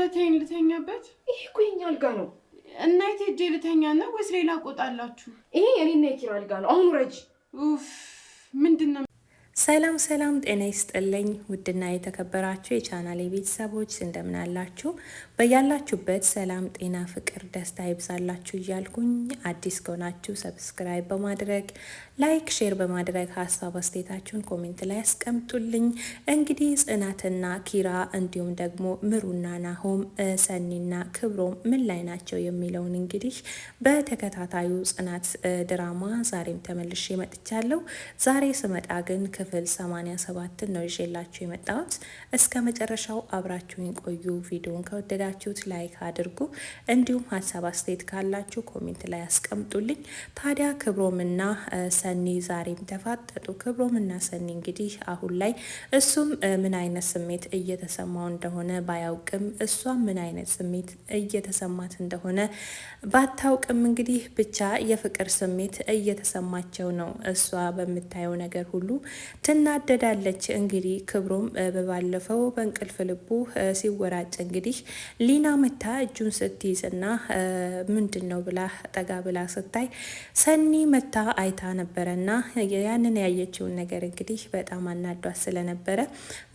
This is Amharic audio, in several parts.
ለተኝ ልተኛበት። ይሄ እኮ የኛ አልጋ ነው እና የት ልተኛ ነው ወይስ ሌላ ቆጣላችሁ? ይሄ የኔና የኪራ አልጋ ነው። አሁኑ ረጅ ኡፍ ምንድን ነው? ሰላም ሰላም፣ ጤና ይስጥልኝ ውድና የተከበራችሁ የቻናሌ ቤተሰቦች እንደምን አላችሁ? በያላችሁበት ሰላም፣ ጤና፣ ፍቅር፣ ደስታ ይብዛላችሁ እያልኩኝ አዲስ ከሆናችሁ ሰብስክራይብ በማድረግ ላይክ፣ ሼር በማድረግ ሀሳብ አስተያየታችሁን ኮሜንት ላይ ያስቀምጡልኝ። እንግዲህ ጽናትና ኪራ እንዲሁም ደግሞ ምሩና ናሆም ሰኒና ክብሮም ምን ላይ ናቸው የሚለውን እንግዲህ በተከታታዩ ጽናት ድራማ ዛሬም ተመልሼ መጥቻለሁ። ዛሬ ስመጣ ግን ክፍል ሰባትን ነው ይዤላችሁ የመጣሁት። እስከ መጨረሻው አብራችሁን ቆዩ። ቪዲዮን ከወደዳ ከወደዳችሁት ላይክ አድርጉ። እንዲሁም ሀሳብ አስተያየት ካላችሁ ኮሜንት ላይ አስቀምጡልኝ። ታዲያ ክብሮምና ሰኒ ዛሬም ተፋጠጡ። ክብሮምና ሰኒ እንግዲህ አሁን ላይ እሱም ምን አይነት ስሜት እየተሰማው እንደሆነ ባያውቅም እሷ ምን አይነት ስሜት እየተሰማት እንደሆነ ባታውቅም እንግዲህ ብቻ የፍቅር ስሜት እየተሰማቸው ነው። እሷ በምታየው ነገር ሁሉ ትናደዳለች። እንግዲህ ክብሮም በባለፈው በእንቅልፍ ልቡ ሲወራጭ እንግዲህ ሊና መታ እጁን ስትይዝና ምንድን ነው ብላ ጠጋ ብላ ስታይ ሰኒ መታ አይታ ነበረና ያንን ያየችውን ነገር እንግዲህ በጣም አናዷት ስለነበረ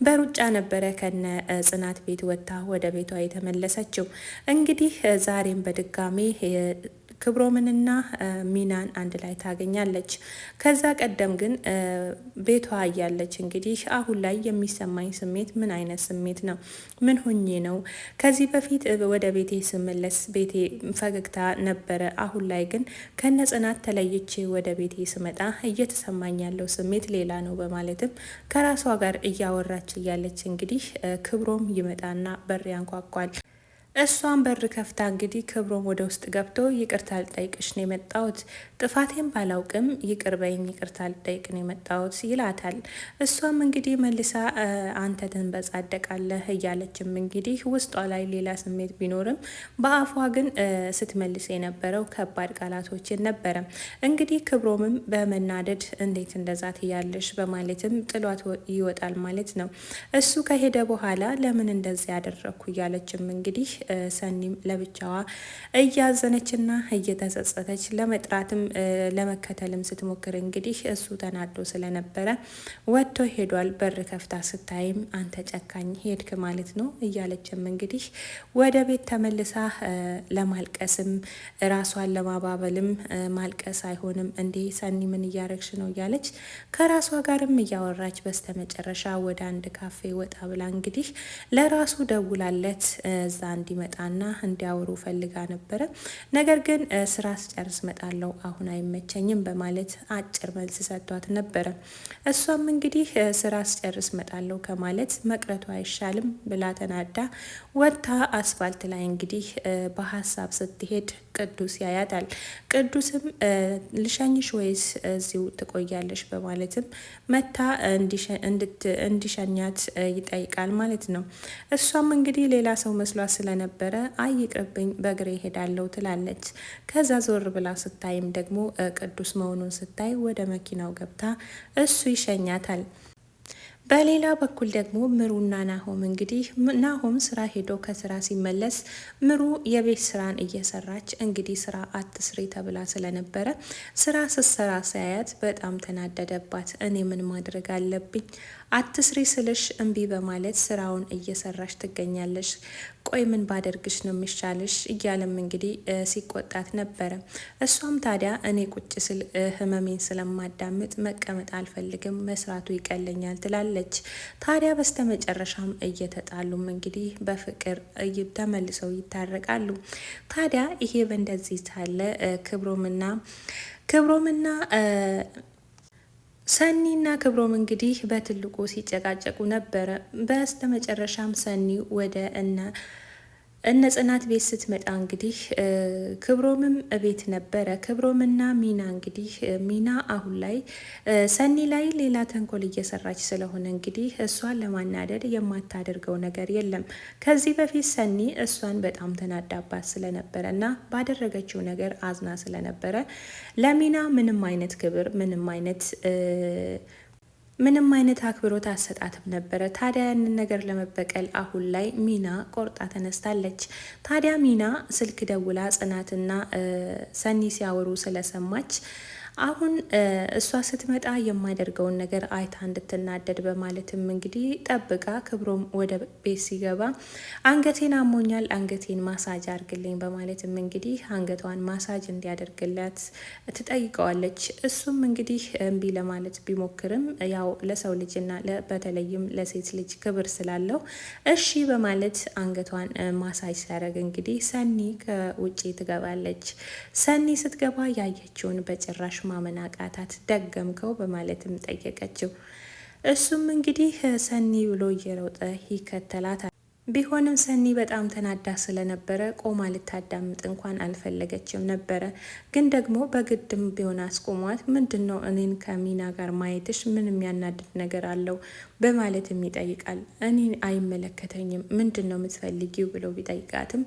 በሩጫ ነበረ ከነ ጽናት ቤት ወጥታ ወደ ቤቷ የተመለሰችው። እንግዲህ ዛሬም በድጋሜ ክብሮምንና ሚናን አንድ ላይ ታገኛለች። ከዛ ቀደም ግን ቤቷ እያለች እንግዲህ አሁን ላይ የሚሰማኝ ስሜት ምን አይነት ስሜት ነው? ምን ሆኜ ነው? ከዚህ በፊት ወደ ቤቴ ስመለስ ቤቴ ፈገግታ ነበረ። አሁን ላይ ግን ከነ ጽናት ተለይቼ ወደ ቤቴ ስመጣ እየተሰማኝ ያለው ስሜት ሌላ ነው በማለትም ከራሷ ጋር እያወራች እያለች እንግዲህ ክብሮም ይመጣና በር ያንኳኳል። እሷን በር ከፍታ እንግዲህ ክብሮም ወደ ውስጥ ገብቶ ይቅርታ ልጠይቅሽ ነው የመጣሁት፣ ጥፋቴን ባላውቅም ይቅር በይኝ፣ ይቅርታ ልጠይቅ ነው የመጣሁት ይላታል። እሷም እንግዲህ መልሳ አንተ ትንበጻደቃለህ እያለችም እንግዲህ ውስጧ ላይ ሌላ ስሜት ቢኖርም በአፏ ግን ስትመልስ የነበረው ከባድ ቃላቶችን ነበረ። እንግዲህ ክብሮምም በመናደድ እንዴት እንደዛ ትያለሽ በማለትም ጥሏት ይወጣል ማለት ነው። እሱ ከሄደ በኋላ ለምን እንደዚህ ያደረግኩ እያለችም እንግዲህ ሰኒም ለብቻዋ እያዘነችና እየተጸጸተች ለመጥራትም ለመከተልም ስትሞክር እንግዲህ እሱ ተናዶ ስለነበረ ወጥቶ ሄዷል። በር ከፍታ ስታይም አንተ ጨካኝ ሄድክ ማለት ነው እያለችም እንግዲህ ወደ ቤት ተመልሳ ለማልቀስም ራሷን ለማባበልም ማልቀስ አይሆንም እንዴ ሰኒ ምን እያረግሽ ነው እያለች ከራሷ ጋርም እያወራች በስተመጨረሻ ወደ አንድ ካፌ ወጣ ብላ እንግዲህ ለራሱ ደውላለት እዛ እንዲ እንዲመጣና እንዲያወሩ ፈልጋ ነበረ። ነገር ግን ስራ ስጨርስ መጣለው አሁን አይመቸኝም በማለት አጭር መልስ ሰጥቷት ነበረ። እሷም እንግዲህ ስራ ስጨርስ መጣለው ከማለት መቅረቱ አይሻልም ብላ ተናዳ ወጥታ አስፋልት ላይ እንግዲህ በሀሳብ ስትሄድ ቅዱስ ያያታል። ቅዱስም ልሸኝሽ ወይስ እዚሁ ትቆያለሽ በማለትም መታ እንዲሸኛት ይጠይቃል ማለት ነው። እሷም እንግዲህ ሌላ ሰው መስሏት ስለነበ ነበረ። አይ ይቅርብኝ፣ በእግሬ ሄዳለሁ ትላለች። ከዛ ዞር ብላ ስታይም ደግሞ ቅዱስ መሆኑን ስታይ ወደ መኪናው ገብታ እሱ ይሸኛታል። በሌላ በኩል ደግሞ ምሩና ናሆም እንግዲህ ናሆም ስራ ሄዶ ከስራ ሲመለስ ምሩ የቤት ስራን እየሰራች እንግዲህ ስራ አትስሪ ተብላ ስለነበረ ስራ ስትሰራ ሲያያት በጣም ተናደደባት። እኔ ምን ማድረግ አለብኝ አትስሪ ስልሽ እምቢ በማለት ስራውን እየሰራሽ ትገኛለሽ። ቆይ ምን ባደርግሽ ነው የሚሻልሽ? እያለም እንግዲህ ሲቆጣት ነበረ። እሷም ታዲያ እኔ ቁጭ ስል ህመሜን ስለማዳምጥ መቀመጥ አልፈልግም፣ መስራቱ ይቀለኛል ትላለች። ታዲያ በስተመጨረሻም እየተጣሉም እንግዲህ በፍቅር ተመልሰው ይታረቃሉ። ታዲያ ይሄ በእንደዚህ ሳለ ክብሮምና ክብሮምና ሰኒና ክብሮም እንግዲህ በትልቁ ሲጨቃጨቁ ነበረ። በስተመጨረሻም ሰኒ ወደ እነ እነ ጽናት ቤት ስትመጣ እንግዲህ ክብሮምም ቤት ነበረ። ክብሮምና ሚና እንግዲህ ሚና አሁን ላይ ሰኒ ላይ ሌላ ተንኮል እየሰራች ስለሆነ እንግዲህ እሷን ለማናደድ የማታደርገው ነገር የለም። ከዚህ በፊት ሰኒ እሷን በጣም ተናዳባት ስለነበረ እና ባደረገችው ነገር አዝና ስለነበረ ለሚና ምንም አይነት ክብር ምንም አይነት ምንም አይነት አክብሮት አሰጣትም ነበረ። ታዲያ ያንን ነገር ለመበቀል አሁን ላይ ሚና ቆርጣ ተነስታለች። ታዲያ ሚና ስልክ ደውላ ጽናትና ሰኒ ሲያወሩ ስለሰማች አሁን እሷ ስትመጣ የማደርገውን ነገር አይታ እንድትናደድ በማለትም እንግዲህ ጠብቃ ክብሮም ወደ ቤት ሲገባ አንገቴን አሞኛል፣ አንገቴን ማሳጅ አርግልኝ በማለትም እንግዲህ አንገቷን ማሳጅ እንዲያደርግላት ትጠይቀዋለች። እሱም እንግዲህ እምቢ ለማለት ቢሞክርም ያው ለሰው ልጅና በተለይም ለሴት ልጅ ክብር ስላለው እሺ በማለት አንገቷን ማሳጅ ሲያደርግ እንግዲህ ሰኒ ከውጭ ትገባለች። ሰኒ ስትገባ ያየችውን በጭራሽ ማመን አቃታት። ደገምከው በማለትም ጠየቀችው። እሱም እንግዲህ ሰኒ ብሎ እየሮጠ ይከተላታል። ቢሆንም ሰኒ በጣም ተናዳ ስለነበረ ቆማ ልታዳምጥ እንኳን አልፈለገችም ነበረ። ግን ደግሞ በግድም ቢሆን አስቆሟት። ምንድን ነው እኔን ከሚና ጋር ማየትሽ ምን የሚያናድድ ነገር አለው? በማለትም ይጠይቃል። እኔን አይመለከተኝም ምንድን ነው የምትፈልጊው ብሎ ቢጠይቃትም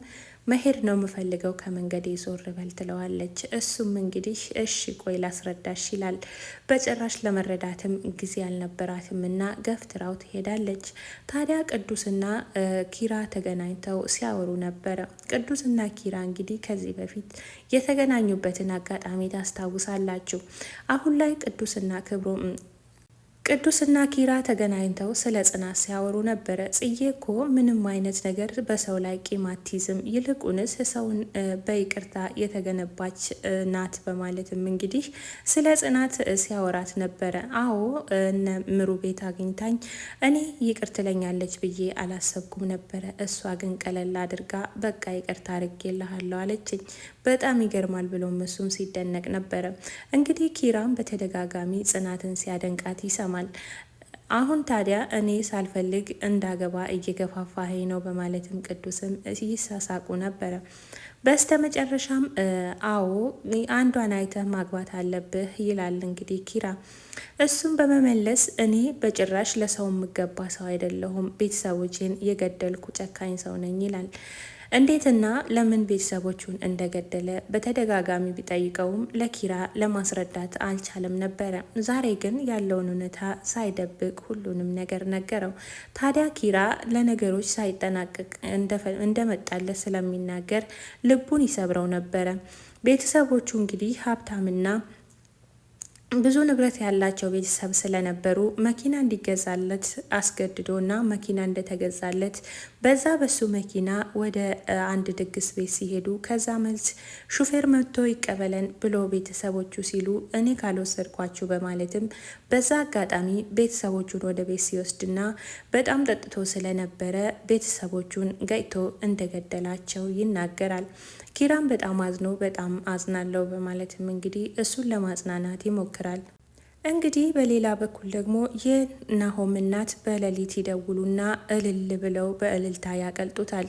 መሄድ ነው የምፈልገው ከመንገዴ ዞር በል ትለዋለች። እሱም እንግዲህ እሺ ቆይ ላስረዳሽ ይላል። በጭራሽ ለመረዳትም ጊዜ አልነበራትም እና ገፍትራው ትሄዳለች። ታዲያ ቅዱስና ኪራ ተገናኝተው ሲያወሩ ነበረ። ቅዱስና ኪራ እንግዲህ ከዚህ በፊት የተገናኙበትን አጋጣሚ ታስታውሳላችሁ። አሁን ላይ ቅዱስና ክብሮ ቅዱስና ኪራ ተገናኝተው ስለ ጽናት ሲያወሩ ነበረ። ጽዬ እኮ ምንም አይነት ነገር በሰው ላይ ቂም አትይዝም፣ ይልቁንስ ሰውን በይቅርታ የተገነባች ናት በማለትም እንግዲህ ስለ ጽናት ሲያወራት ነበረ። አዎ እነ ምሩ ቤት አግኝታኝ እኔ ይቅር ትለኛለች ብዬ አላሰብኩም ነበረ። እሷ ግን ቀለል አድርጋ በቃ ይቅርታ አድርጌልሃለሁ አለችኝ። በጣም ይገርማል ብሎም እሱም ሲደነቅ ነበረ። እንግዲህ ኪራም በተደጋጋሚ ጽናትን ሲያደንቃት ይሰማል። ይሰማል። አሁን ታዲያ እኔ ሳልፈልግ እንዳገባ እየገፋፋሄ ነው በማለትም ቅዱስም ይሳሳቁ ነበረ። በስተ መጨረሻም አዎ አንዷን አይተህ ማግባት አለብህ ይላል እንግዲህ ኪራ። እሱም በመመለስ እኔ በጭራሽ ለሰው የምገባ ሰው አይደለሁም፣ ቤተሰቦችን የገደልኩ ጨካኝ ሰው ነኝ ይላል። እንዴትና ለምን ቤተሰቦቹን እንደገደለ በተደጋጋሚ ቢጠይቀውም ለኪራ ለማስረዳት አልቻለም ነበረ። ዛሬ ግን ያለውን እውነታ ሳይደብቅ ሁሉንም ነገር ነገረው። ታዲያ ኪራ ለነገሮች ሳይጠናቀቅ እንደመጣለት ስለሚናገር ልቡን ይሰብረው ነበረ። ቤተሰቦቹ እንግዲህ ሀብታምና ብዙ ንብረት ያላቸው ቤተሰብ ስለነበሩ መኪና እንዲገዛለት አስገድዶ እና መኪና እንደተገዛለት በዛ በሱ መኪና ወደ አንድ ድግስ ቤት ሲሄዱ ከዛ መልስ ሹፌር መጥቶ ይቀበለን ብሎ ቤተሰቦቹ ሲሉ እኔ ካልወሰድኳችሁ በማለትም በዛ አጋጣሚ ቤተሰቦቹን ወደ ቤት ሲወስድና በጣም ጠጥቶ ስለነበረ ቤተሰቦቹን ገጭቶ እንደገደላቸው ይናገራል። ኪራም በጣም አዝኖ በጣም አዝናለው በማለትም እንግዲህ እሱን ለማጽናናት ይሞክራል። እንግዲህ በሌላ በኩል ደግሞ የናሆም እናት በሌሊት ይደውሉና እልል ብለው በእልልታ ያቀልጡታል።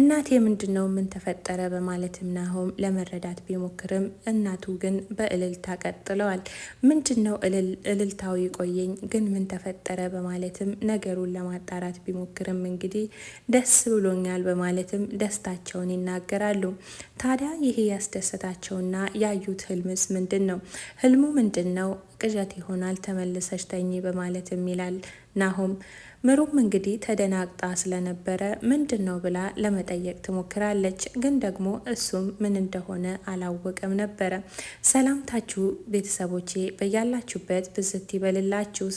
እናቴ ምንድን ነው ምን ተፈጠረ? በማለትም ናሆም ለመረዳት ቢሞክርም እናቱ ግን በእልልታ ቀጥለዋል። ምንድን ነው እልልታው ይቆየኝ ግን ምን ተፈጠረ? በማለትም ነገሩን ለማጣራት ቢሞክርም እንግዲህ ደስ ብሎኛል በማለትም ደስታቸውን ይናገራሉ። ታዲያ ይሄ ያስደሰታቸውና ያዩት ህልምስ ምንድን ነው? ህልሙ ምንድን ነው? ቅዠት ይሆናል ተመልሰሽ ተኝ በማለትም ይላል ናሆም። ምሩም እንግዲህ ተደናግጣ ስለነበረ ምንድን ነው ብላ ለመጠየቅ ትሞክራለች። ግን ደግሞ እሱም ምን እንደሆነ አላወቀም ነበረ። ሰላምታችሁ ቤተሰቦቼ በያላችሁበት ብዝት ይበልላችሁ።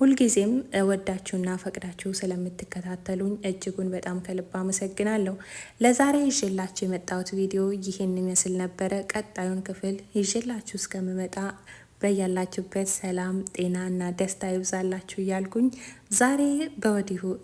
ሁልጊዜም ወዳችሁና ፈቅዳችሁ ስለምትከታተሉኝ እጅጉን በጣም ከልብ አመሰግናለሁ። ለዛሬ ይዤላችሁ የመጣሁት ቪዲዮ ይህን ይመስል ነበረ። ቀጣዩን ክፍል ይዤላችሁ እስከምመጣ በያላችሁበት ሰላም ጤና እና ደስታ ይብዛላችሁ እያልኩኝ ዛሬ በወዲሁ